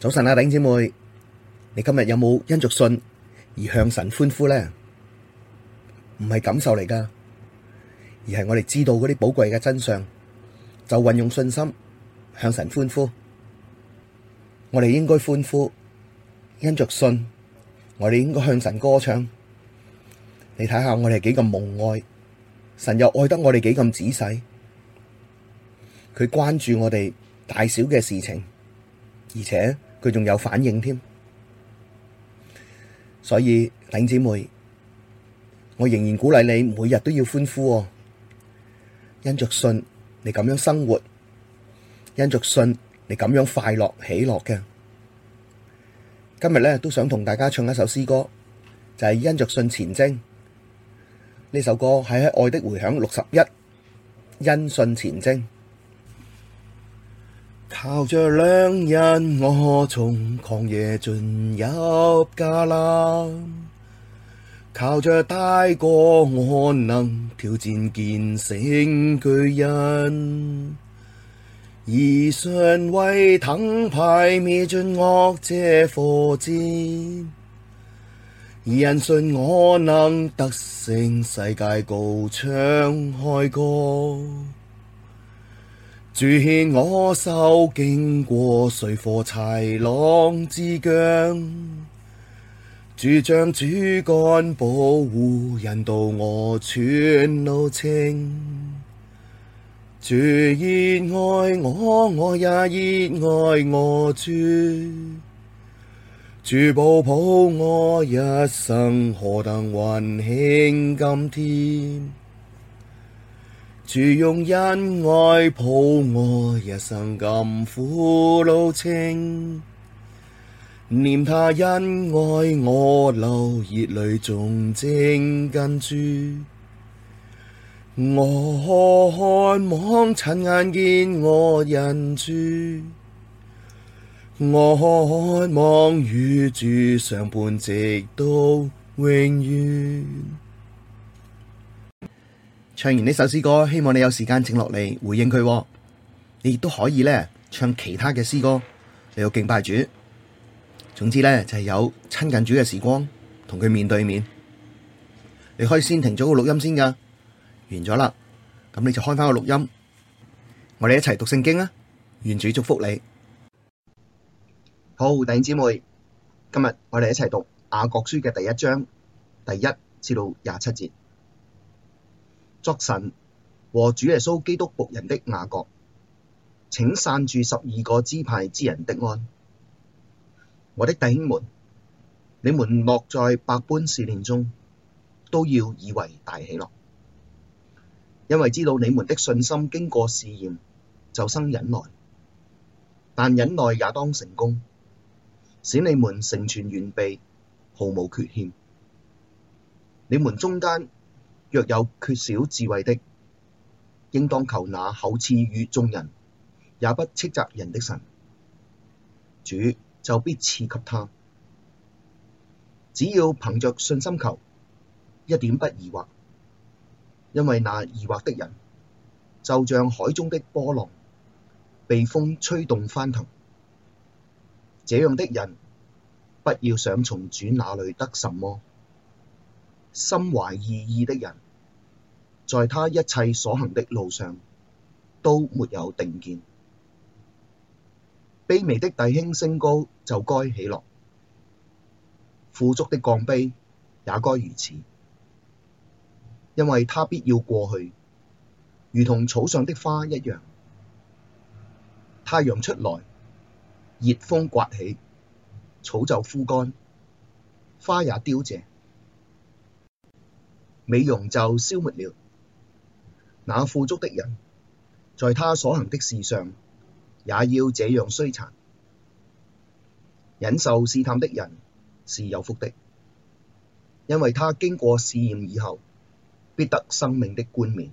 早晨啊，弟兄姐妹，你今日有冇因着信而向神歡呼呢？唔係感受嚟噶，而係我哋知道嗰啲寶貴嘅真相，就運用信心向神歡呼。我哋應該歡呼，因着信，我哋應該向神歌唱。你睇下我哋幾咁蒙愛，神又愛得我哋幾咁仔細，佢關注我哋大小嘅事情，而且。佢仲有反應添，所以弟兄姊妹，我仍然鼓勵你每日都要歡呼哦，因着信你咁樣生活，因着信你咁樣快樂喜樂嘅。今日呢，都想同大家唱一首詩歌，就係因着信前征，呢首歌係喺《愛的回響迴》六十一，因信前征。靠着良人，我從曠野進入迦南；靠着大哥，我能挑戰堅城巨人；以信為籐牌滅盡惡者火箭，因信我能得勝世界，高唱凱歌。主牽我手經過水火豺狼之疆，主杖主竿保護引導我全路程。主熱愛我，我也熱愛我主。主保抱我一生，何等溫馨甘甜。主用恩愛抱我，一生甘苦路程。念他恩愛我，流熱淚忠貞跟主。我何渴望親眼見我恩主，我何渴望與主相伴直到永遠。唱完呢首詩歌，希望你有時間靜落嚟回應佢。你亦都可以咧唱其他嘅詩歌，嚟到敬拜主。總之咧就係、是、有親近主嘅時光，同佢面對面。你可以先停咗個錄音先噶，完咗啦，咁你就開返個錄音。我哋一齊讀聖經啊！願主祝福你。好，胡弟兄姊妹，今日我哋一齊讀雅各書嘅第一章第一至到廿七節。作神和主耶穌基督僕人的雅各，請散住十二個支派之人的安。我的弟兄們，你們落在百般試煉中，都要以為大喜樂，因為知道你們的信心經過試驗，就生忍耐。但忍耐也當成功，使你們成全完備，毫無缺欠。你們中間若有缺少智慧的，應當求那厚賜與眾人，也不斥責人的神，主就必賜給他。只要憑着信心求，一點不疑惑，因為那疑惑的人，就像海中的波浪，被風吹動翻騰。這樣的人，不要想從主那裏得什麼。心懷二意的人，在他一切所行的路上，都沒有定見。卑微的弟兄升高就該喜樂；富足的降卑也該如此，因為他必要過去，如同草上的花一樣。太陽出來，熱風颳起，草就枯乾，花也凋謝。美容就消沒了。那富足的人，在他所行的事上，也要這樣衰殘。忍受試探的人是有福的，因為他經過試驗以後，必得生命的冠冕。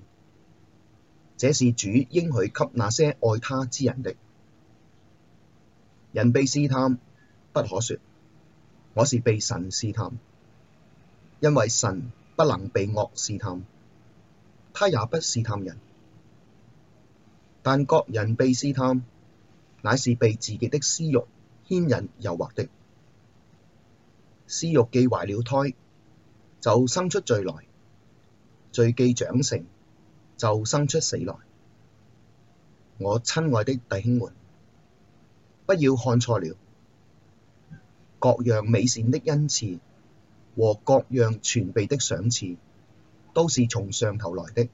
這是主應許給那些愛他之人的。人被試探，不可說：我是被神試探，因為神。不能被惡試探，他也不試探人。但各人被試探，乃是被自己的私欲牽引誘惑的。私欲既懷了胎，就生出罪來；罪既長成，就生出死來。我親愛的弟兄們，不要看錯了，各樣美善的恩賜。和各樣全備的賞賜，都是從上頭來的，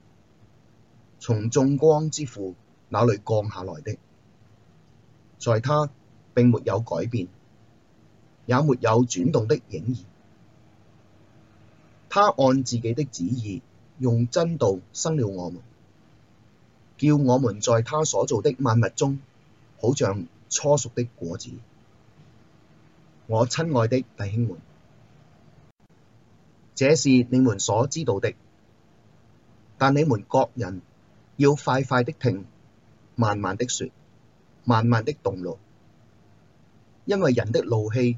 從眾光之父那裏降下來的。在他並沒有改變，也沒有轉動的影兒。他按自己的旨意，用真道生了我們，叫我們在他所造的萬物中，好像初熟的果子。我親愛的弟兄們。這是你們所知道的，但你們各人要快快的聽，慢慢的說，慢慢的動怒，因為人的怒氣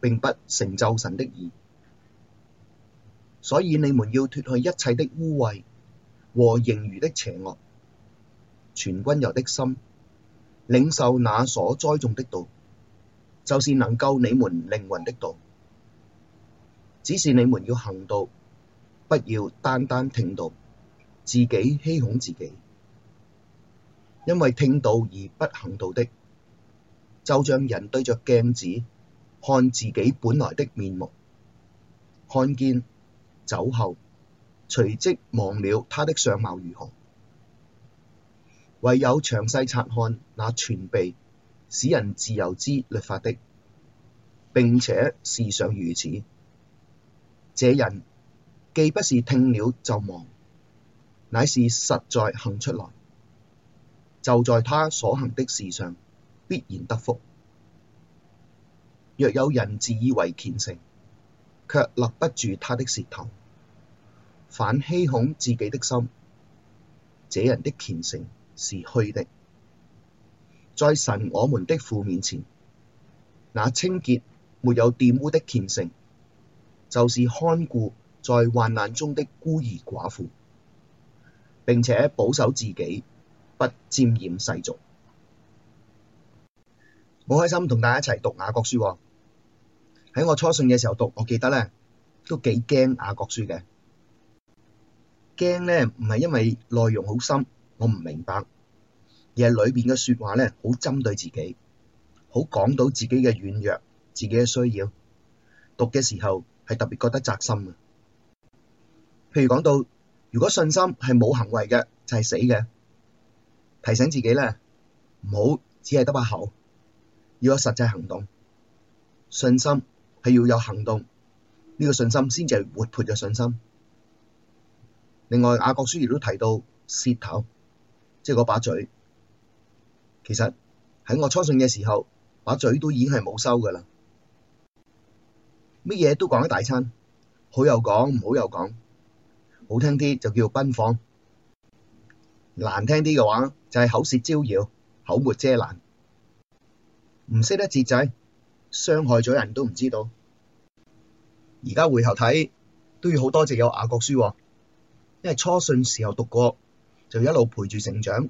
並不成就神的義。所以你們要脫去一切的污穢和盈餘的邪惡，存溫柔的心，領受那所栽種的道，就是能救你們靈魂的道。只是你們要行道，不要單單聽道，自己欺哄自己。因為聽道而不行道的，就像人對着鏡子看自己本來的面目，看見，走後，隨即忘了他的相貌如何。唯有詳細察看那全備使人自由之律法的，並且時常如此，這人既不是聽了就忘，乃是實在行出來，就在他所行的事上必然得福。若有人自以為虔誠，卻勒不住他的舌頭，反欺哄自己的心，這人的虔誠是虛的。在神我們的父面前，那清潔沒有玷污的虔誠，就是看顧在患難中的孤兒寡婦，並且保守自己，不沾染世俗。好開心同大家一齊讀雅各書喎。喺我初信嘅時候讀，我記得呢都幾驚雅各書嘅，驚呢唔係因為內容好深，我唔明白，而係裏邊嘅説話呢好針對自己，好講到自己嘅軟弱、自己嘅需要。讀嘅時候，係特別覺得扎心嘅。譬如講到，如果信心係冇行為嘅，就係死嘅。提醒自己咧，唔好只係得把口，要有實際行動。信心係要有行動，呢個信心先至係活潑嘅信心。另外，雅各書亦都提到舌頭，即係嗰把嘴。其實喺我初信嘅時候，把嘴都已經係冇收噶啦。乜嘢都講一大餐，好又講，唔好又講，好聽啲就叫奔放，難聽啲嘅話就係口舌招搖、口沒遮攔，唔識得節制，傷害咗人都唔知道。而家回頭睇都要好多謝有雅各書，因為初信時候讀過，就一路陪住成長，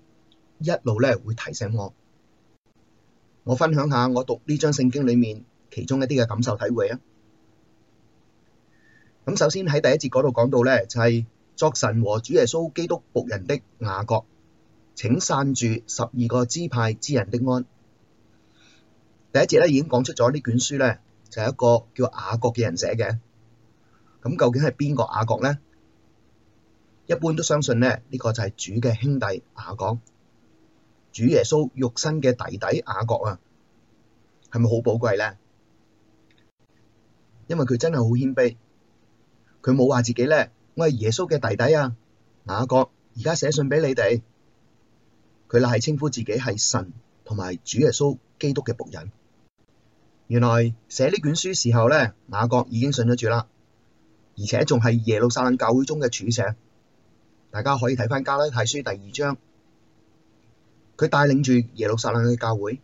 一路呢會提醒我。我分享下我讀呢章聖經裡面其中一啲嘅感受體會啊！咁首先喺第一節嗰度講到呢，就係作神和主耶穌基督僕人的雅各，請散住十二個支派之人的安。第一節呢已經講出咗呢卷書呢，就係一個叫雅各嘅人寫嘅。咁究竟係邊個雅各呢？一般都相信呢，呢個就係主嘅兄弟雅各，主耶穌肉身嘅弟弟雅各啊，係咪好寶貴呢？因為佢真係好謙卑。佢冇話自己咧，我係耶穌嘅弟弟啊，雅各而家寫信畀你哋。佢嗱係稱呼自己係神同埋主耶穌基督嘅僕人。原來寫呢卷書時候咧，雅各已經信咗主啦，而且仲係耶路撒冷教會中嘅柱石。大家可以睇翻加拉太書第二章，佢帶領住耶路撒冷嘅教會。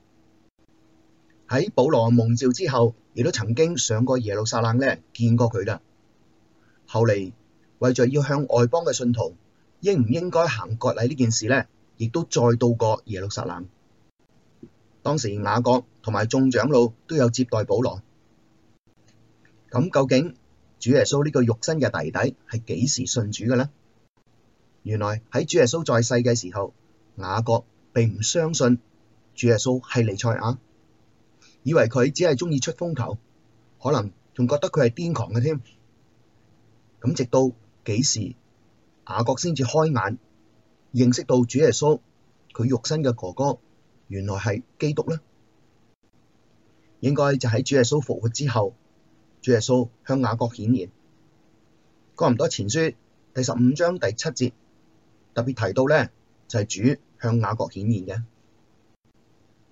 喺保羅蒙召之後，亦都曾經上過耶路撒冷咧，見過佢啦。後嚟為著要向外邦嘅信徒應唔應該行割禮呢件事呢？亦都再到過耶路撒冷。當時雅各同埋眾長老都有接待保羅。咁究竟主耶穌呢個肉身嘅弟弟係幾時信主嘅呢？原來喺主耶穌在世嘅時候，雅各並唔相信主耶穌係尼賽亞，以為佢只係鍾意出風頭，可能仲覺得佢係癲狂嘅添。咁直到幾時，雅各先至開眼，認識到主耶穌佢肉身嘅哥哥，原來係基督呢？應該就喺主耶穌復活之後，主耶穌向雅各顯現。《哥林多前書》第十五章第七節特別提到呢，就係、是、主向雅各顯現嘅，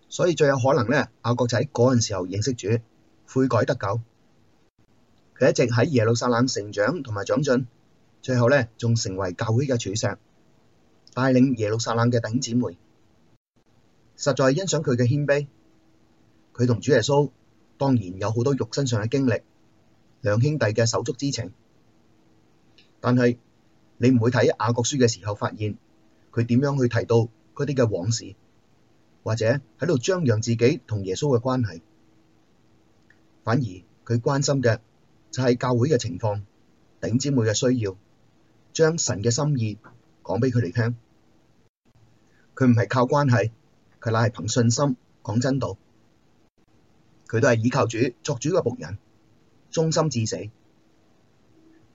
所以最有可能呢，雅各就喺嗰陣時候認識主，悔改得救。佢一直喺耶路撒冷成長同埋長進，最後咧仲成為教會嘅柱石，帶領耶路撒冷嘅頂姊妹。實在係欣賞佢嘅謙卑。佢同主耶穌當然有好多肉身上嘅經歷，兩兄弟嘅手足之情。但係你唔會睇雅各書嘅時候，發現佢點樣去提到嗰啲嘅往事，或者喺度張揚自己同耶穌嘅關係，反而佢關心嘅。就係教會嘅情況，頂姊妹嘅需要，將神嘅心意講俾佢哋聽。佢唔係靠關係，佢乃係憑信心講真道。佢都係倚靠主作主嘅僕人，忠心至死。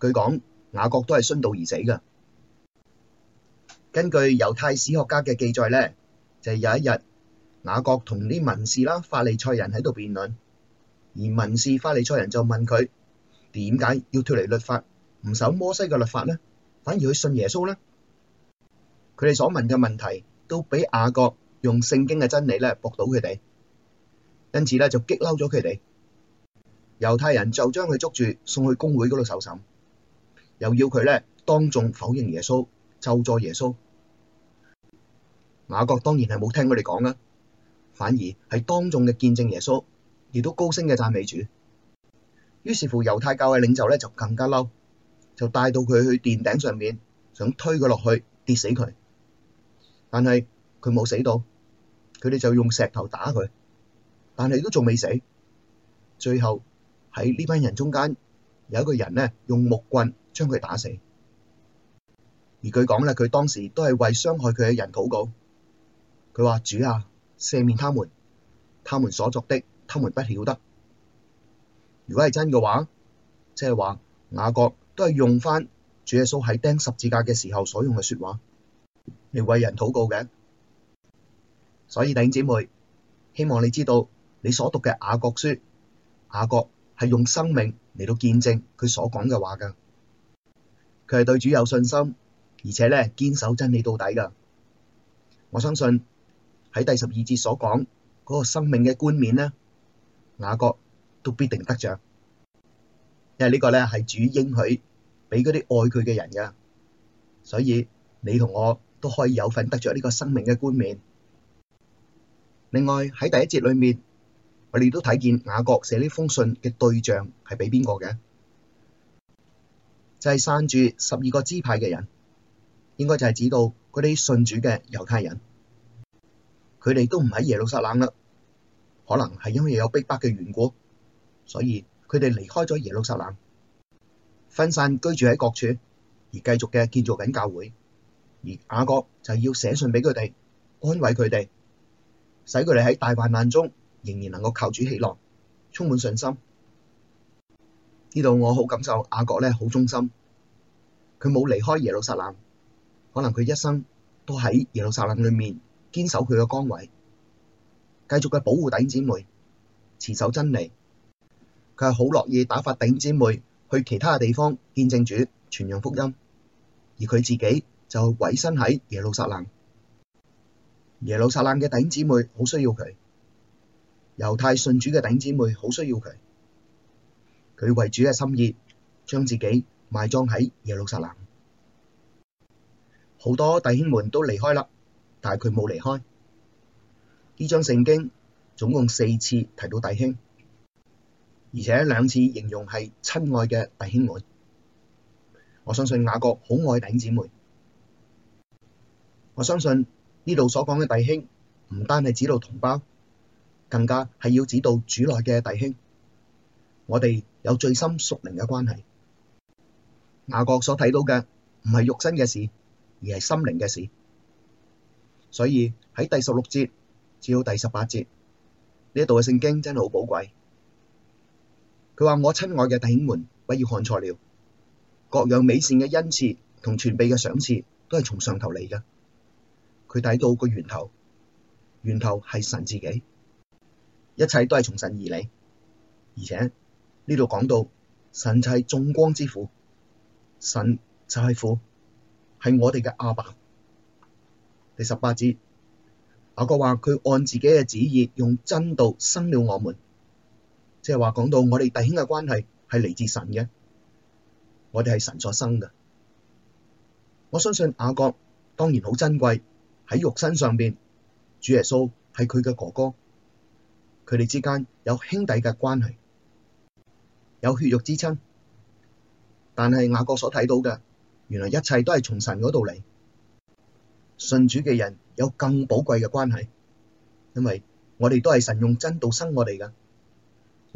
據講雅各都係殉道而死嘅。根據猶太史學家嘅記載咧，就係有一日雅各同啲文士啦、法利賽人喺度辯論，而文士法利賽人就問佢。點解要脫離律法，唔守摩西嘅律法咧？反而去信耶穌咧？佢哋所問嘅問題，都俾雅各用聖經嘅真理咧駁倒佢哋，因此咧就激嬲咗佢哋。猶太人就將佢捉住，送去公會嗰度受審，又要佢咧當眾否認耶穌，咒詛耶穌。雅各當然係冇聽佢哋講啊，反而係當眾嘅見證耶穌，亦都高聲嘅讚美主。於是乎，猶太教嘅領袖咧就更加嬲，就帶到佢去殿頂上面，想推佢落去跌死佢。但係佢冇死到，佢哋就用石頭打佢，但係都仲未死。最後喺呢班人中間，有一個人咧用木棍將佢打死。而佢講啦，佢當時都係為傷害佢嘅人禱告。佢話：主啊，赦免他們，他們所作的，他們不曉得。如果係真嘅話，即係話雅各都係用翻主耶穌喺釘十字架嘅時候所用嘅說話嚟，為人禱告嘅。所以弟兄姐妹，希望你知道你所讀嘅雅各書，雅各係用生命嚟到見證佢所講嘅話噶，佢係對主有信心，而且咧堅守真理到底噶。我相信喺第十二節所講嗰，那個生命嘅冠冕咧，雅各。都必定得着，因為呢個咧係主應許俾嗰啲愛佢嘅人噶，所以你同我都可以有份得着呢個生命嘅冠冕。另外喺第一節裏面，我哋都睇見雅各寫呢封信嘅對象係俾邊個嘅，就係散住十二個支派嘅人，應該就係指到嗰啲信主嘅猶太人，佢哋都唔喺耶路撒冷啦，可能係因為有逼迫嘅緣故。所以佢哋離開咗耶路撒冷，分散居住喺各處，而繼續嘅建造緊教會。而雅各就要寫信俾佢哋，安慰佢哋，使佢哋喺大患難中仍然能夠靠主喜樂，充滿信心。呢度我好感受雅各呢，好忠心，佢冇離開耶路撒冷，可能佢一生都喺耶路撒冷裏面堅守佢嘅崗位，繼續嘅保護弟兄姊妹，持守真理。佢係好樂意打發弟姊妹去其他嘅地方見證主、傳揚福音，而佢自己就委身喺耶路撒冷。耶路撒冷嘅弟姊妹好需要佢，猶太信主嘅弟姊妹好需要佢，佢為主嘅心意，將自己埋葬喺耶路撒冷。好多弟兄們都離開啦，但係佢冇離開。呢章聖經總共四次提到弟兄。而且兩次形容係親愛嘅弟兄妹，我相信雅各好愛弟兄姊妹。我相信呢度所講嘅弟兄唔單係指到同胞，更加係要指到主內嘅弟兄。我哋有最深屬靈嘅關係。雅各所睇到嘅唔係肉身嘅事，而係心靈嘅事。所以喺第十六節至到第十八節呢度嘅聖經真係好寶貴。佢話：我親愛嘅弟兄們，不要看錯了，各樣美善嘅恩賜同全備嘅賞賜都係從上頭嚟嘅。佢睇到個源頭，源頭係神自己，一切都係從神而嚟。而且呢度講到神就係眾光之父，神就係父，係我哋嘅阿爸。第十八節，雅各話：佢按自己嘅旨意用真道生了我們。即係話講到我哋弟兄嘅關係係嚟自神嘅，我哋係神所生嘅。我相信雅各當然好珍貴，喺肉身上邊，主耶穌係佢嘅哥哥，佢哋之間有兄弟嘅關係，有血肉之親。但係雅各所睇到嘅，原來一切都係從神嗰度嚟。信主嘅人有更寶貴嘅關係，因為我哋都係神用真道生我哋噶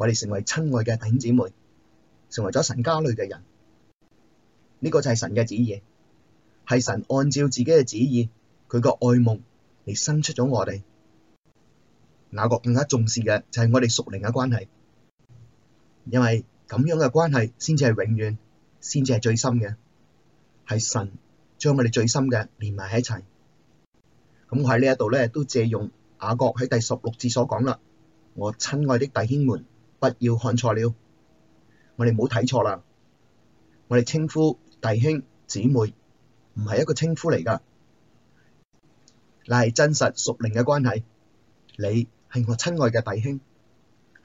我哋成為親愛嘅弟兄姊妹，成為咗神家裏嘅人，呢個就係神嘅旨意，係神按照自己嘅旨意，佢個愛慕嚟生出咗我哋。雅各更加重視嘅就係我哋屬靈嘅關係，因為咁樣嘅關係先至係永遠，先至係最深嘅，係神將我哋最深嘅連埋喺一齊。咁我喺呢一度咧都借用雅各喺第十六節所講啦：，我親愛的弟兄們。不要看錯了，我哋冇睇錯啦。我哋稱呼弟兄姊妹唔係一個稱呼嚟噶，乃係真實屬靈嘅關係。你係我親愛嘅弟兄，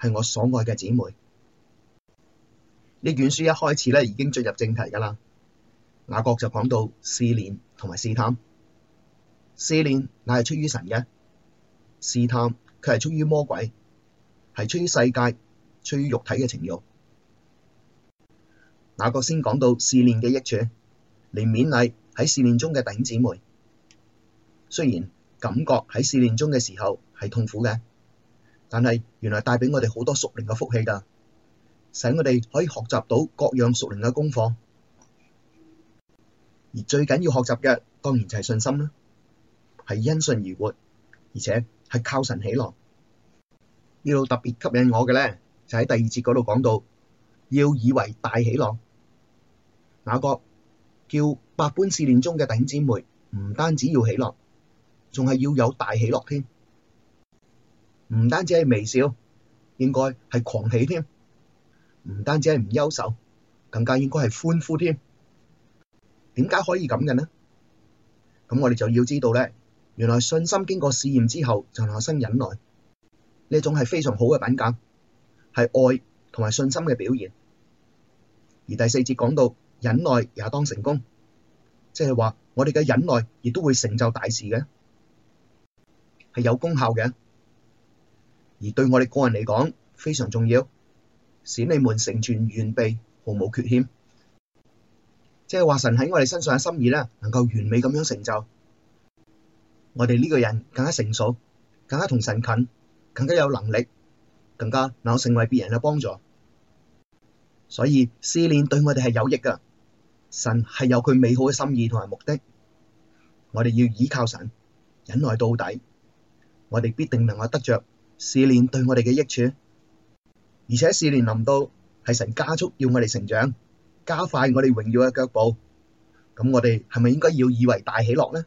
係我所愛嘅姊妹。呢卷書一開始咧已經進入正題噶啦。雅各就講到試煉同埋試探，試煉乃係出於神嘅，試探佢係出於魔鬼，係出於世界，出於肉體嘅情慾，雅各先講到試煉嘅益處嚟勉勵喺試煉中嘅弟兄姊妹。雖然感覺喺試煉中嘅時候係痛苦嘅，但係原來帶俾我哋好多屬靈嘅福氣噶，使我哋可以學習到各樣屬靈嘅功課。而最緊要學習嘅，當然就係信心啦，係因信而活，而且係靠神喜樂。呢度特別吸引我嘅咧。就喺第二節嗰度講到，要以為大喜樂。那個叫百般試煉中嘅頂姊妹，唔單止要喜樂，仲係要有大喜樂添。唔單止係微笑，應該係狂喜添。唔單止係唔憂愁，更加應該係歡呼添。點解可以咁嘅呢？咁我哋就要知道咧，原來信心經過試驗之後，就產生忍耐。呢種係非常好嘅品格。係愛同埋信心嘅表現，而第四節講到忍耐也當成功，即係話我哋嘅忍耐亦都會成就大事嘅，係有功效嘅，而對我哋個人嚟講非常重要，使你們成全完備，毫無缺欠，即係話神喺我哋身上嘅心意咧，能夠完美咁樣成就我哋呢個人更加成熟，更加同神近，更加有能力。更加能成為別人嘅幫助，所以試煉對我哋係有益噶。神係有佢美好嘅心意同埋目的，我哋要依靠神忍耐到底，我哋必定能夠得着試煉對我哋嘅益處。而且試煉臨到係神加速要我哋成長，加快我哋榮耀嘅腳步。咁我哋係咪應該要以為大喜樂呢？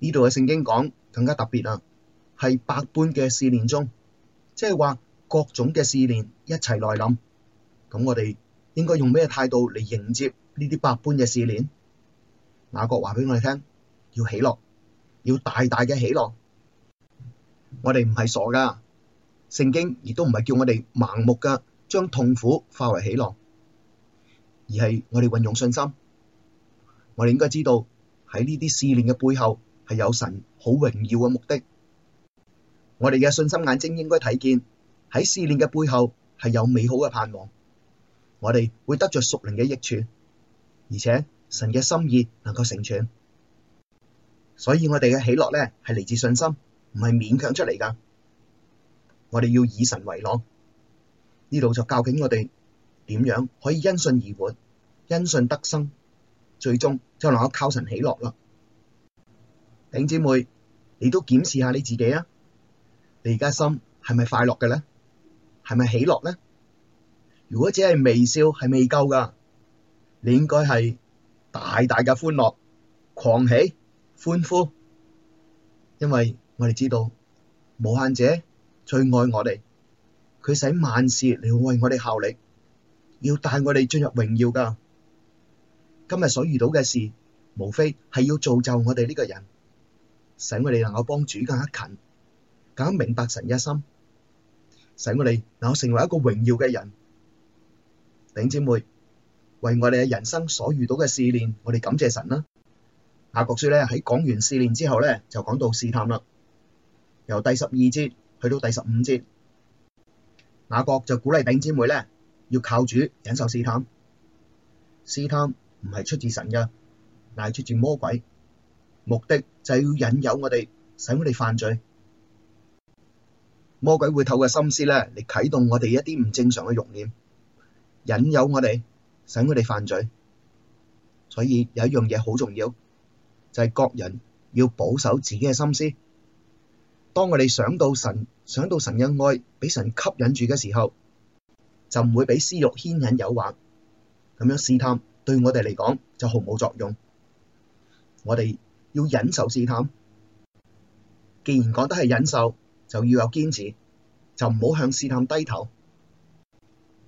呢度嘅聖經講更加特別啦，係百般嘅試煉中。即係話各種嘅試煉一齊來臨，咁我哋應該用咩態度嚟迎接呢啲百般嘅試煉？雅各話畀我哋聽，要喜樂，要大大嘅喜樂。我哋唔係傻噶，聖經亦都唔係叫我哋盲目噶，將痛苦化為喜樂，而係我哋運用信心。我哋應該知道喺呢啲試煉嘅背後，係有神好榮耀嘅目的。我哋嘅信心眼睛應該睇見，喺試煉嘅背後係有美好嘅盼望，我哋會得着屬靈嘅益處，而且神嘅心意能夠成全，所以我哋嘅喜樂咧係嚟自信心，唔係勉強出嚟噶。我哋要以神為樂，呢度就教緊我哋點樣可以因信而活，因信得生，最終就能夠靠神喜樂啦。頂姐妹，你都檢視下你自己啊！你而家心係咪快樂嘅咧？係咪喜樂咧？如果只係微笑係未夠噶，你應該係大大嘅歡樂、狂喜、歡呼，因為我哋知道無限者最愛我哋，佢使萬事嚟為我哋效力，要帶我哋進入榮耀噶。今日所遇到嘅事，無非係要造就我哋呢個人，使我哋能夠幫主更加近。搞明白神一心，使我哋能夠成為一個榮耀嘅人。頂姐妹，為我哋嘅人生所遇到嘅試煉，我哋感謝神啦。雅各書咧喺講完試煉之後咧，就講到試探啦，由第十二節去到第十五節，雅各就鼓勵頂姐妹咧要靠主忍受試探。試探唔係出自神嘅，但係出自魔鬼，目的就係要引誘我哋，使我哋犯罪。魔鬼會透過心思咧，嚟啟動我哋一啲唔正常嘅慾念，引誘我哋，使我哋犯罪。所以有一樣嘢好重要，就係各人要保守自己嘅心思。當我哋想到神，想到神嘅愛，俾神吸引住嘅時候，就唔會俾私慾牽引誘惑，咁樣試探對我哋嚟講就毫無作用。我哋要忍受試探，既然講得係忍受。就要有堅持，就唔好向試探低頭。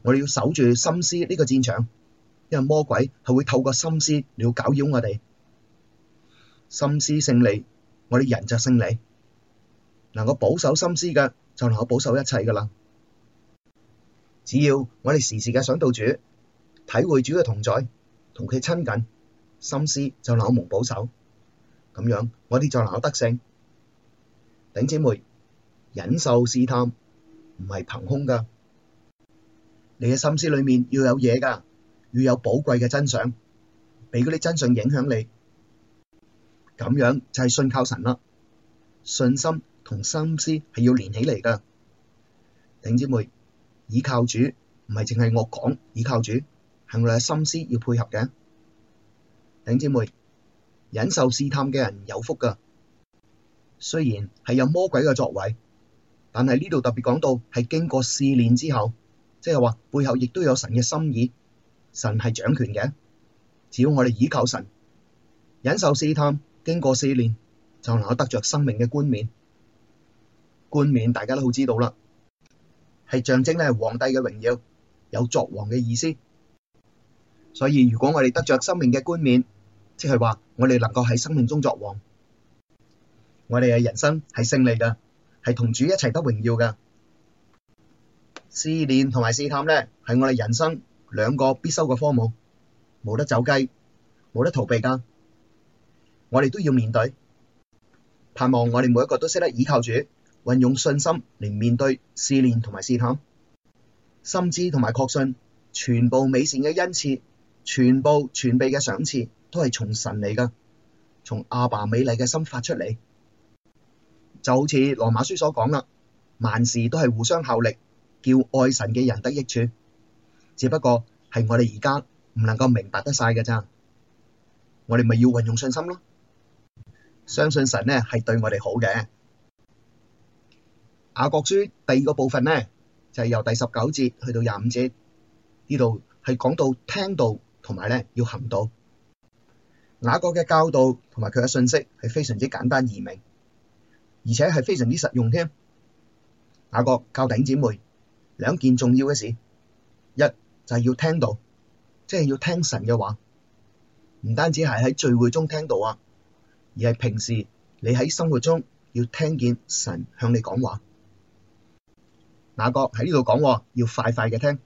我哋要守住心思呢個戰場，因為魔鬼係會透過心思嚟搞擾我哋。心思勝利，我哋人就勝利。能夠保守心思嘅，就能夠保守一切噶啦。只要我哋時時嘅想到主，體會主嘅同在，同佢親近，心思就能蒙保守。咁樣我哋就能夠得勝，頂姐妹。忍受試探唔係憑空噶，你嘅心思裏面要有嘢噶，要有寶貴嘅真相，俾嗰啲真相影響你，咁樣就係信靠神啦。信心同心思係要連起嚟噶，頂姐妹，倚靠主唔係淨係我講倚靠主，係我哋嘅心思要配合嘅。頂姐妹，忍受試探嘅人有福噶，雖然係有魔鬼嘅作為。但係呢度特別講到係經過試煉之後，即係話背後亦都有神嘅心意，神係掌權嘅。只要我哋倚靠神，忍受試探，經過試煉，就能夠得着生命嘅冠冕。冠冕大家都好知道啦，係象徵咧皇帝嘅榮耀，有作王嘅意思。所以如果我哋得着生命嘅冠冕，即係話我哋能夠喺生命中作王，我哋嘅人生係勝利㗎。係同主一齊得榮耀噶，試煉同埋試探咧，係我哋人生兩個必修嘅科目，冇得走雞，冇得逃避噶。我哋都要面對，盼望我哋每一個都識得倚靠主，運用信心嚟面對試煉同埋試探，深知同埋確信，全部美善嘅恩賜，全部全備嘅賞賜，都係從神嚟噶，從阿爸美麗嘅心發出嚟。就好似羅馬書所講啦，萬事都係互相效力，叫愛神嘅人得益處。只不過係我哋而家唔能夠明白得晒嘅咋，我哋咪要運用信心咯，相信神咧係對我哋好嘅。雅各書第二個部分咧，就係由第十九節去到廿五節呢度，係講到聽道同埋咧要行道。雅各嘅教導同埋佢嘅信息係非常之簡單易明。而且係非常之實用添。雅各教頂姐妹兩件重要嘅事，一就係要聽到，即係要聽神嘅話，唔單止係喺聚會中聽到啊，而係平時你喺生活中要聽見神向你講話。雅各喺呢度講話，要快快嘅聽，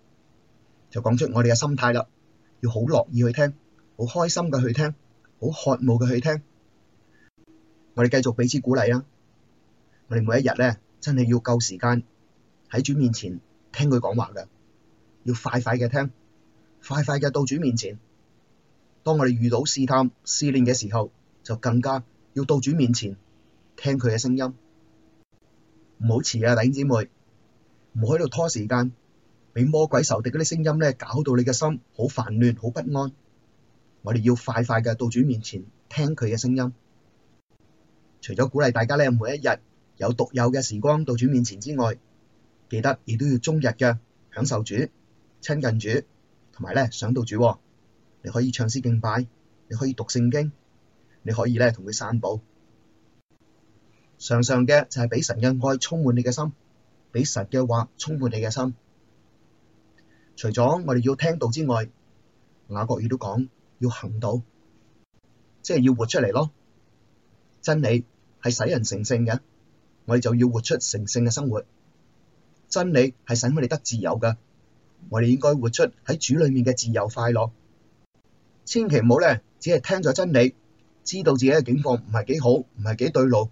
就講出我哋嘅心態啦，要好樂意去聽，好開心嘅去聽，好渴慕嘅去聽。我哋繼續彼此鼓勵啦。我哋每一日咧，真係要夠時間喺主面前聽佢講話㗎，要快快嘅聽，快快嘅到主面前。當我哋遇到試探、試煉嘅時候，就更加要到主面前聽佢嘅聲音，唔好遲啊，弟兄姊妹，唔好喺度拖時間，俾魔鬼仇敵嗰啲聲音咧，搞到你嘅心好煩亂、好不安。我哋要快快嘅到主面前聽佢嘅聲音。除咗鼓勵大家咧，每一日，有獨有嘅時光到主面前之外，記得亦都要終日嘅享受主、親近主同埋咧，想到主、哦。你可以唱詩敬拜，你可以讀聖經，你可以咧同佢散步。常常嘅就係俾神嘅愛充滿你嘅心，俾神嘅話充滿你嘅心。除咗我哋要聽道之外，雅各書都講要行道，即係要活出嚟咯。真理係使人成聖嘅。我哋就要活出成聖嘅生活，真理係使我哋得自由㗎。我哋應該活出喺主裏面嘅自由快樂。千祈唔好咧，只係聽咗真理，知道自己嘅境況唔係幾好，唔係幾對路。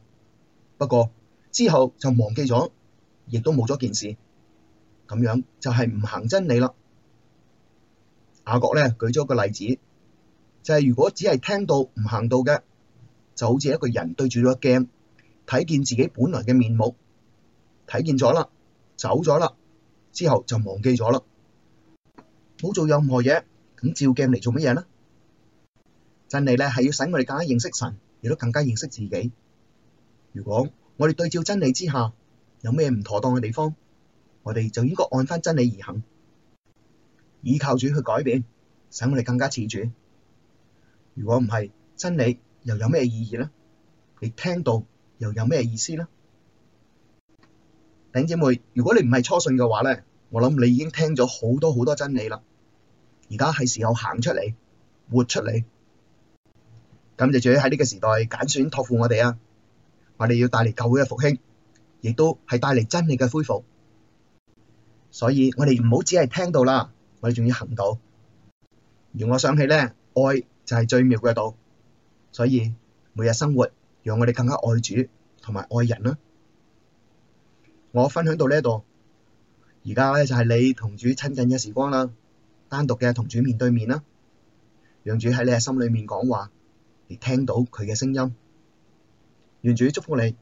不過之後就忘記咗，亦都冇咗件事，咁樣就係唔行真理啦。雅各咧舉咗個例子，就係、是、如果只係聽道唔行道嘅，就好似一個人對住咗一鏡。睇見自己本來嘅面目，睇見咗啦，走咗啦，之後就忘記咗啦，冇做任何嘢。咁照鏡嚟做乜嘢呢？真理咧係要使我哋更加認識神，亦都更加認識自己。如果我哋對照真理之下有咩唔妥當嘅地方，我哋就應該按翻真理而行，依靠主去改變，使我哋更加似主。如果唔係，真理又有咩意義呢？你聽到？又有咩意思呢？頂姐妹，如果你唔係初信嘅話咧，我諗你已經聽咗好多好多真理啦。而家係時候行出嚟，活出嚟。咁就仲要喺呢個時代揀選託付我哋啊！我哋要帶嚟教會嘅復興，亦都係帶嚟真理嘅恢復。所以我哋唔好只係聽到啦，我哋仲要行到。而我想起咧，愛就係最妙嘅道。所以每日生活。讓我哋更加愛主同埋愛人啦！我分享到呢度，而家咧就係你同主親近嘅時光啦，單獨嘅同主面對面啦，讓主喺你嘅心裏面講話，你聽到佢嘅聲音，願主祝福你。